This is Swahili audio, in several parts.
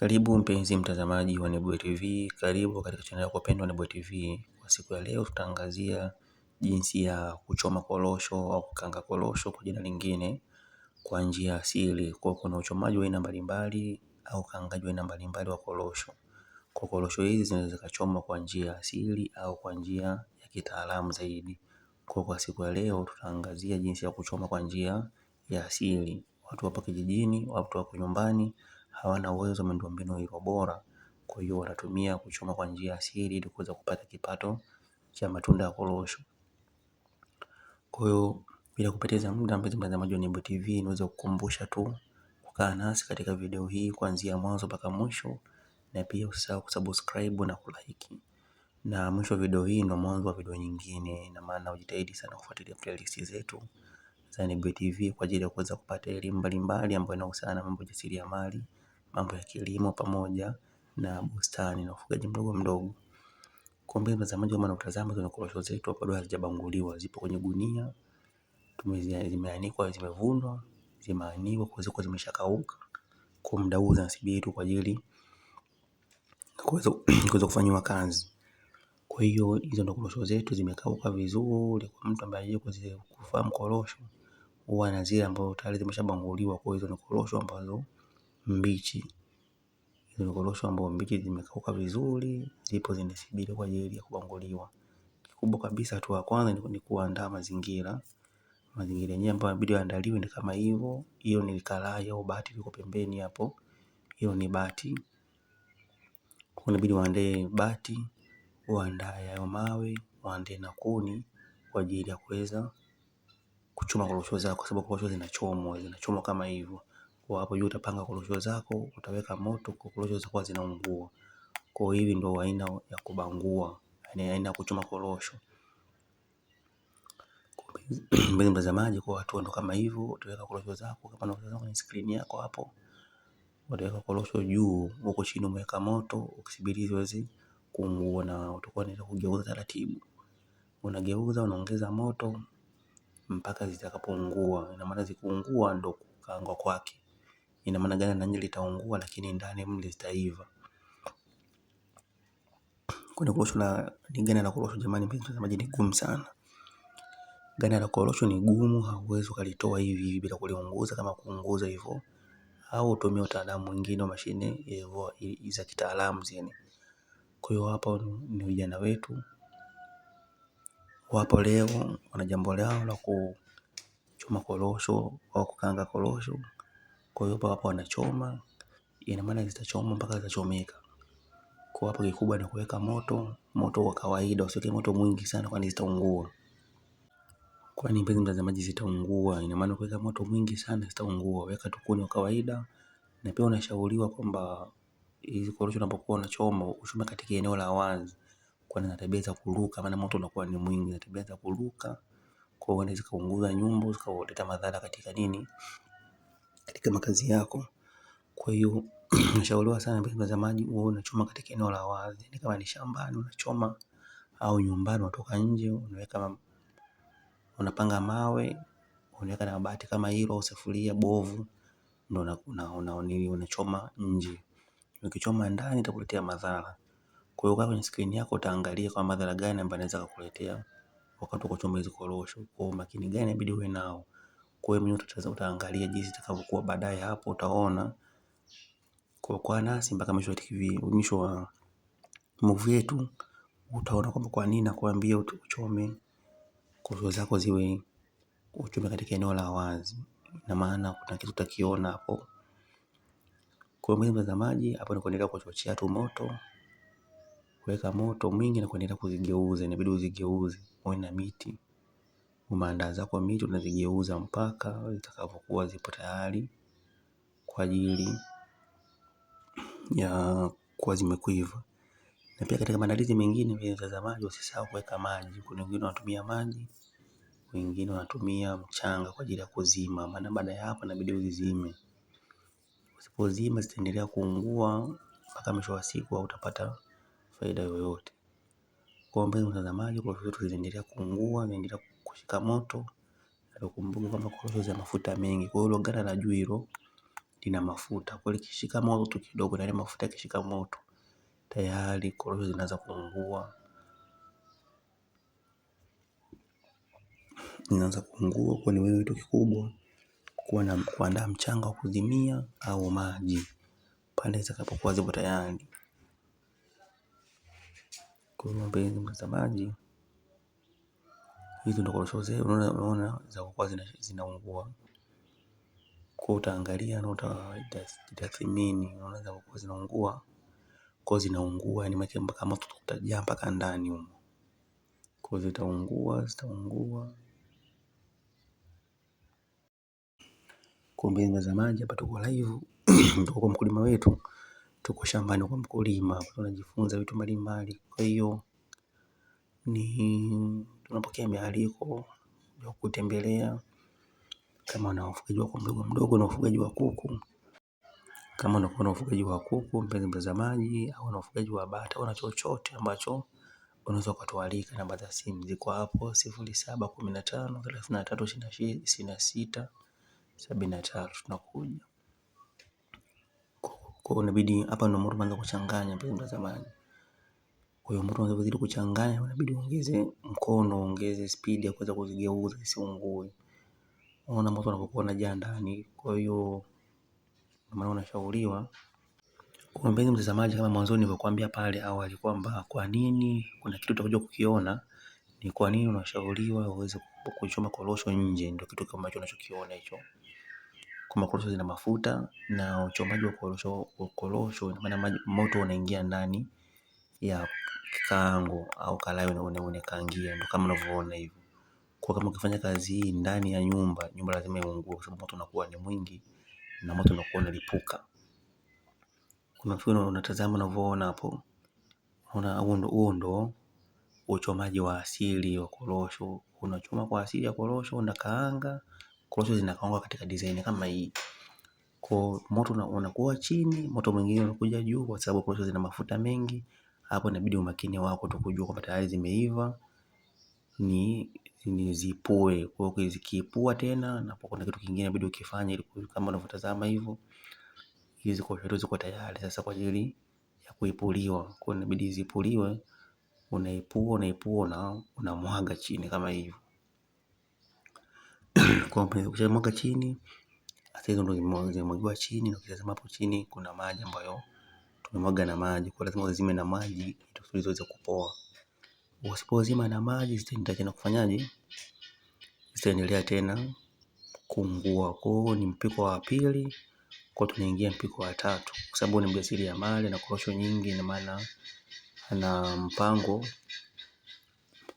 Karibu mpenzi mtazamaji wa Nebuye TV, karibu katika chaneli yako pendwa Nebuye TV. Kwa siku ya leo tutaangazia jinsi ya kuchoma korosho au kukanga korosho kwa jina lingine kwa njia asili. Kwa kuna uchomaji wa aina mbalimbali au kangaji wa aina mbalimbali wa korosho. Kwa korosho hizi zinaweza kuchomwa kwa njia asili au kwa njia ya kitaalamu zaidi. Kwa kwa siku ya leo tutaangazia jinsi ya kuchoma kwa njia ya asili. Watu wapo kijijini, watu wapo nyumbani hawana uwezo wa miundombinu iliyo bora, kwa hiyo wanatumia kuchoma kwa njia asili ili kuweza kupata kipato cha matunda ya korosho. Kwa hiyo bila kupoteza muda, mpenzi mtazamaji wa Nebuye TV, niweze kukumbusha tu kukaa nasi katika video hii kuanzia mwanzo mpaka mwisho, na pia usisahau kusubscribe na kulike. Na mwisho wa video hii ndo mwanzo wa video nyingine, na maana ujitahidi sana kufuatilia playlist zetu za Nebuye TV kwa ajili ya kuweza kupata elimu mbalimbali ambayo inahusiana na mambo ya ujasiriamali mambo ya kilimo pamoja na bustani na ufugaji mdogo mdogo. Kwa mbele mtazamaji kama unavyotazama kuna korosho zetu bado hazijabanguliwa, zipo kwenye gunia, zimeanikwa, zimevunwa, zimeanikwa kwa sababu zimeshakauka. Kwa muda huu zinasubiri tu kwa ajili kuweza kufanywa kazi. Kwa hiyo hizo ndo korosho zetu zimekauka vizuri. Kwa mtu ambaye kufahamu korosho huwa na zile ambazo tayari zimeshabanguliwa, kwa hizo ni korosho ambazo mbichi. ni korosho ambazo mbichi zimekauka vizuri, zipo zinasubiri kwa ajili ya kubanguliwa. Kikubwa kabisa, hatua ya kwanza ni kuandaa mazingira. Mazingira yenyewe ambayo inabidi yaandaliwe ni kama hivyo. Hiyo ni karai au bati liko pembeni hapo, hiyo ni bati. Kwa hiyo inabidi waandae bati, waandae hayo mawe, waandae na kuni kwa ajili ya kuweza kuchoma korosho zao, kwa sababu korosho zinachomwa, zinachomwa kama hivyo kwa hapo juu utapanga korosho zako, utaweka moto, kwa korosho zitakuwa zinaungua. Kwa hivi ndio aina ya kubangua, yani aina ya kuchoma korosho. Mpenzi mtazamaji, kwa watu ndo kama hivyo, utaweka korosho zako kama unavyotazama kwenye screen yako hapo. Utaweka korosho juu, huko chini umeweka moto, ukisubiri ziweze kuungua, na utakuwa unaenda kugeuza taratibu. Unageuza, unaongeza moto mpaka zitakapoungua. Ina maana zikiungua ndo kukaangwa kwake ina maana gani na nje litaungua lakini ndani mle litaiva. Kuna korosho na ni gani la korosho jamani, mpenzi mtazamaji, ni gumu sana. Gani la korosho ni gumu, hauwezi ukalitoa hivi hivi bila kuliunguza, kama kuunguza hivyo au utumie utaalamu mwingine wa mashine hivyo za kitaalamu zile. Kwa hiyo hapa ni vijana wetu wapo leo wana jambo lao la kuchoma korosho au kukanga korosho. Kwa hiyo hapo wanachoma, ina maana zitachoma mpaka zitachomeka. Kwa hapo kikubwa ni kuweka moto, moto wa kawaida, usiweke moto mwingi sana kwani zitaungua. Kwani mpenzi mtazamaji, zitaungua. Ina maana kuweka moto mwingi sana zitaungua. Weka tu kuni wa kawaida, na pia unashauriwa kwamba hizi korosho unapokuwa unachoma uchome katika eneo la wazi, kwani na tabia za kuruka, maana moto unakuwa ni mwingi, na tabia za kuruka, kwa hiyo unaweza kuunguza nyumbu zikaleta madhara katika nini katika makazi yako. Kwa hiyo unashauriwa sana za maji uwe unachoma katika eneo la wazi, ni kama ni shambani unachoma au nyumbani unatoka nje unaweka, unapanga mawe unaweka na mabati kama hilo au sufuria bovu, ndio una, una, una, unachoma nje. Ukichoma ndani itakuletea madhara. Kwa hiyo kwenye skrini yako utaangalia kwa madhara gani ambayo inaweza kukuletea wakati wa kuchoma hizo korosho, kwa makini gani inabidi uwe nao. Kwa hiyo mwenyewe utaangalia jinsi itakavyokuwa baadaye hapo utaona. Kwa kwa nasi mpaka mwisho wa TV, mwisho wa movie yetu utaona kwamba kwa nini nakuambia uchome kofia zako ziwe uchome katika eneo la wazi. na maana kuna kitu utakiona hapo. Kwa hiyo mtazamaji, hapo ni kuendelea kuchochea tu moto, kuweka moto mwingi na kuendelea kuzigeuza, inabidi uzigeuze uwe na miti. Umeandaa zako miti unazigeuza mpaka zitakapokuwa zipo tayari kwa ajili ya kuwa zimekuiva. Na pia katika maandalizi mengine vya za usisahau kuweka maji. Kuna wengine wanatumia maji, wengine wanatumia mchanga kwa ajili ya kuzima, maana baada ya hapo inabidi uzizime. Usipozima zitaendelea kuungua mpaka mwisho wa siku au utapata faida yoyote. Kwa hiyo mbegu za maji kwa vitu zinaendelea kuungua, zinaendelea kushika moto na ukumbuke kwamba korosho zina mafuta mengi. Kwa hiyo ganda la juu hilo lina mafuta, kwa hiyo likishika moto tu kidogo, na ile mafuta yakishika moto tayari korosho zinaanza kuungua, inaanza kuungua. Kwa ni wewe kikubwa kuwa na kuandaa mchanga wa kuzimia au maji pale zitakapokuwa zipo tayari. Kwa hiyo mpenzi maji hizo ndo korosho zenu unaona za kukua zinaungua. Kwa utaangalia na utatathmini, unaona za kukua zinaungua kwa zinaungua, yani maana mpaka moto utajaa mpaka ndani humo, kwa zitaungua zitaungua. Kumbe mtazamaji, hapa tuko live tuko kwa mkulima wetu, tuko shambani kwa mkulima, tunajifunza vitu mbalimbali. Kwa hiyo ni unapokea mialiko ya kutembelea, kama na ufugaji wako mdogo mdogo na ufugaji wa kuku, kama unakuwa na ufugaji wa kuku mpenzi mtazamaji, au na ufugaji wa bata au na chochote ambacho unaweza ukatualika. Namba za simu ziko hapo sifuri saba kumi na tano thelathini na tatu ishirini na sita sabini na tatu tunakuja. Kwa hiyo inabidi hapa ndio mwanza kuchanganya mpenzi mtazamaji. Kwa hiyo moto unapozidi kuchanganya, inabidi uongeze mkono, uongeze spidi ya kuweza kuzigeuza isiungue. Unaona moto unapokuwa unajaa ndani. Kwa hiyo maana unashauriwa kwa mpenzi mtazamaji, kama mwanzo nilivyokuambia pale awali kwamba kwa nini kuna kitu utakuja kukiona, ni kwa nini unashauriwa uweze kuchoma korosho nje. Ndio kitu kama hicho unachokiona hicho, kama korosho zina mafuta na uchomaji wa korosho, korosho ina maana moto unaingia ndani ya kikaango au kalawe unakaangia, ndo kama unavyoona hivyo. Kwa kama ukifanya kazi hii ndani ya nyumba, nyumba lazima iungue kwa sababu moto unakuwa ni mwingi na moto unakuwa unalipuka. Kuna mfano unatazama unavyoona hapo. Una huo ndo uchomaji wa asili wa korosho. Unachoma kwa asili ya korosho, unakaanga. Korosho zinakaangwa katika design kama hii. Kwa moto unakuwa chini, moto mwingine unakuja juu kwa sababu korosho zina mafuta mengi hapo inabidi umakini wako tu kujua kwamba tayari zimeiva ni nizipoe kwa hiyo zikipoa tena, na kuna kitu kingine inabidi ukifanye, ili kama unavyotazama hivyo, hizi ziko ziko tayari sasa kwa ajili ya kuipuliwa. Kwa hiyo inabidi zipuliwe, unaipua unaipua na unamwaga chini kama hivyo. Kwa hiyo ukishamwaga chini, sasa hizo ndio zimemwagiwa chini, na ukitazama hapo chini kuna maji ambayo tunamwaga na maji, kwa lazima uzime na maji ili ziweze kupoa. Usipozima na maji zitaendelea tena kufanyaje? Zitaendelea tena kuungua. Kwa hiyo ni mpiko wa pili, kwa tunaingia mpiko wa tatu, kwa sababu ni mjasiriamali na korosho nyingi, na maana ana mpango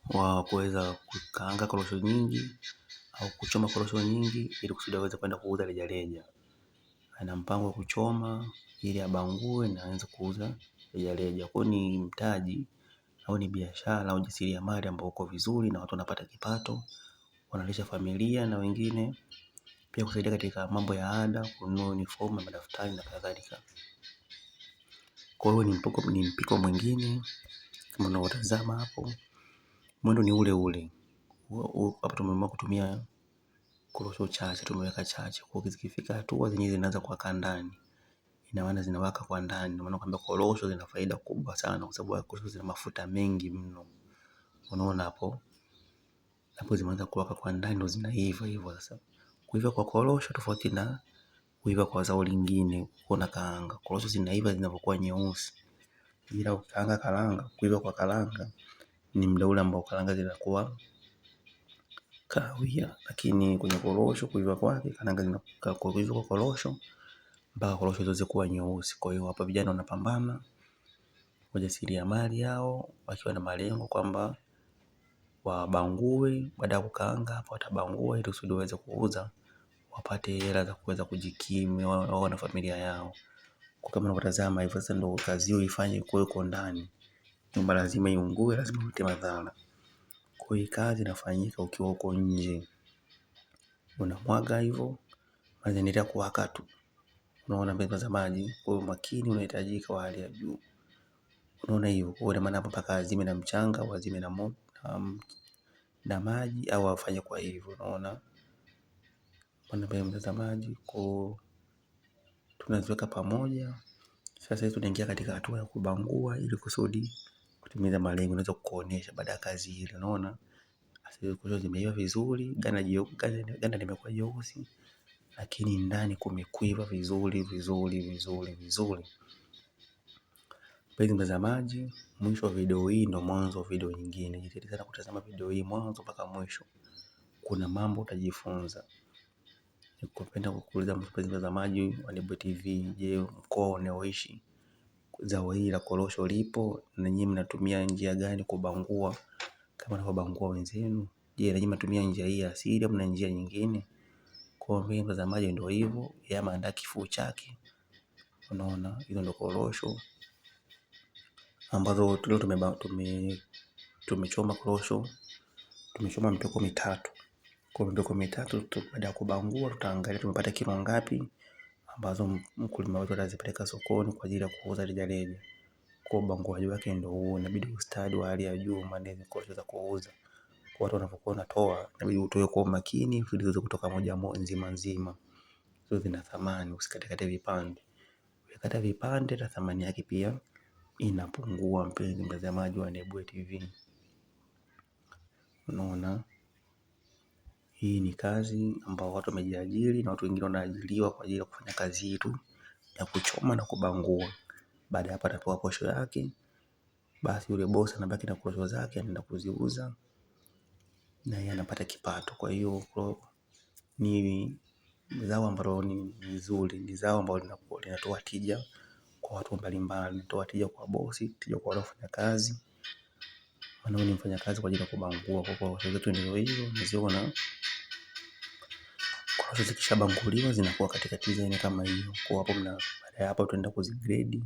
wa kuweza kukaanga korosho nyingi au kuchoma korosho nyingi ili kusudi aweze kwenda kuuza rejareja. Ana mpango wa kuchoma ili abangue na aanze kuuza rejareja. Kwa hiyo ni mtaji au ni biashara au ujasiriamali ambao uko vizuri na watu wanapata kipato, wanalisha familia na wengine pia kusaidia katika mambo ya ada, kununua uniform madaftari na kadhalika. Kwa hiyo ni mpiko mwingine kama unavyotazama hapo, mwendo ni ule ule. Hapo tumeamua kutumia korosho chache, tumeweka chache kwa hiyo zikifika hatua zenyewe zinaanza kuwa kandani ina maana zinawaka kwa ndani. Ndio maana kwamba korosho zina faida kubwa sana, kwa sababu korosho zina mafuta mengi mno. Unaona hapo, hapo zimeanza kuwaka kwa ndani, ndio zinaiva hivyo. Sasa kuiva kwa korosho tofauti na kuiva kwa zao lingine. Kuna kaanga, korosho zinaiva zinapokuwa nyeusi, ila ukaanga karanga, kuiva kwa karanga ni muda ule ambao karanga zinakuwa kahawia, lakini kwenye korosho kuiva kwake karanga zinakuwa, kuiva kwa korosho mpaka korosho ziweze kuwa nyeusi. Kwa hiyo hapa vijana wanapambana ujasiriamali yao wakiwa na malengo kwamba wabangue, baada ya kukaanga hapa watabangua ili kusudi waweze kuuza wapate hela za kuweza kujikimu wao na familia yao. Kwa kama unavyotazama hivyo sasa, ndio kazi hiyo ifanye kwa ndani, nyumba lazima iungue, lazima ulete madhara. Kwa hiyo kazi inafanyika ukiwa huko nje, unamwaga hivyo, mazingira kuwaka tu unaona mbegu za maji, kwa hiyo makini unahitajika wa hali ya juu. Unaona hiyo, kwa hiyo maana hapo mpaka azime na mchanga au azime na moto na maji au afanye kwa hivyo, unaona kuna mbegu za maji kwa tunaziweka pamoja. Sasa hizi tunaingia katika hatua ya kubangua ili kusudi kutimiza malengo. Naweza kukuonesha baada ya kazi ile, unaona kwa zimeiva vizuri, ganda limekuwa jeusi lakini ndani kumekwiva vizuri vizuri vizuri vizuri. Mpenzi mtazamaji, mwisho wa video hii ndo mwanzo wa video nyingine. Jitahidi sana kutazama video hii mwanzo mpaka mwisho, kuna mambo utajifunza. Nikupenda kukuuliza mpenzi mtazamaji wa Nebuye TV, je, mkoa unaoishi zao hili la korosho lipo? Na nyinyi mnatumia njia gani kubangua kama navyobangua wenzenu? Je, na nyinyi mnatumia njia hii asili au mna njia nyingine? Kwa za mtazamaji ndio hivyo, yeye ameandaa kifuu chake. Unaona, hizo ndio korosho ambazo tulio tume tumechoma korosho, tumechoma mitoko mitatu. Kwa mitoko mitatu, baada ya kubangua, tutaangalia tumepata kilo ngapi ambazo mkulima wetu atazipeleka sokoni kwa ajili ya kuuza rejareja. Kwa ubanguaji wake ndio huo, inabidi ustadi wa hali ya juu maana ni korosho za kuuza watu wanapokuwa unatoa inabidi utoe kwa umakini ili ziweze kutoka moja moja nzima nzima. Hizo zina thamani, usikatekate vipande. Ukikata vipande na thamani yake pia inapungua, mpenzi mtazamaji wa Nebuye TV. Unaona, hii ni kazi ambao watu wamejiajiri na watu wengine wanaajiriwa kwa ajili ya kufanya kazi hii tu ya kuchoma na kubangua. Baada ya hapo, atapewa posho yake, basi yule bosi anabaki na posho zake, anaenda kuziuza na yeye anapata kipato. Kwa hiyo ni zao ambalo ni nzuri, ni zao ambalo linatoa tija kwa watu mbalimbali, linatoa tija kwa bosi, tija kwa kazi wanao ni mfanya kazi kwa ajili ya kubangua. Kwa kwa sababu zetu ndio hiyo unaziona na kwa zikishabanguliwa zinakuwa katika design kama hiyo. Kwa hapo mna baada ya hapo tunaenda kuzigrade,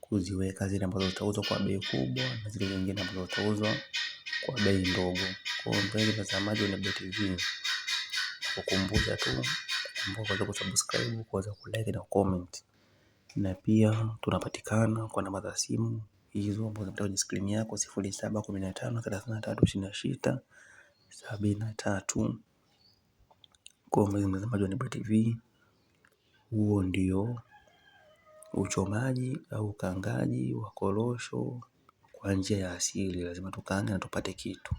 kuziweka zile ambazo zitauzwa kwa bei kubwa na zile nyingine ambazo zitauzwa kwa bei ndogo. Kwa mpenzi mtazamaji, Unaibuy TV, kukumbusha tu ambao kuweza kusubscribe, kuweza kulike na comment, na pia tunapatikana kwa namba za simu hizo ambazo zimetoka kwenye skrini yako, sifuri saba kumi na tano thelathini na tatu ishirini na sita sabini na tatu. Kwa mpenzi mtazamaji wa Unaibuy TV, huo ndio uchomaji au ukangaji wa korosho kwa njia ya asili. Lazima tukaange na tupate kitu.